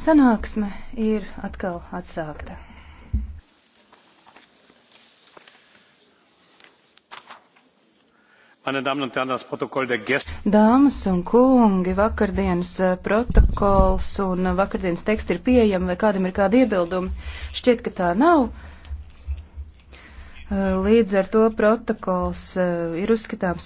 Sanāksme ir atkal atsākta. Dāmas un kungi, vakardienas eh, protokols un vakardienas teksts ir pieejami, vai kādam ir kādi iebildumi? Šķiet, ka tā nav. Eh, līdz ar to protokols eh, ir uzskatāms.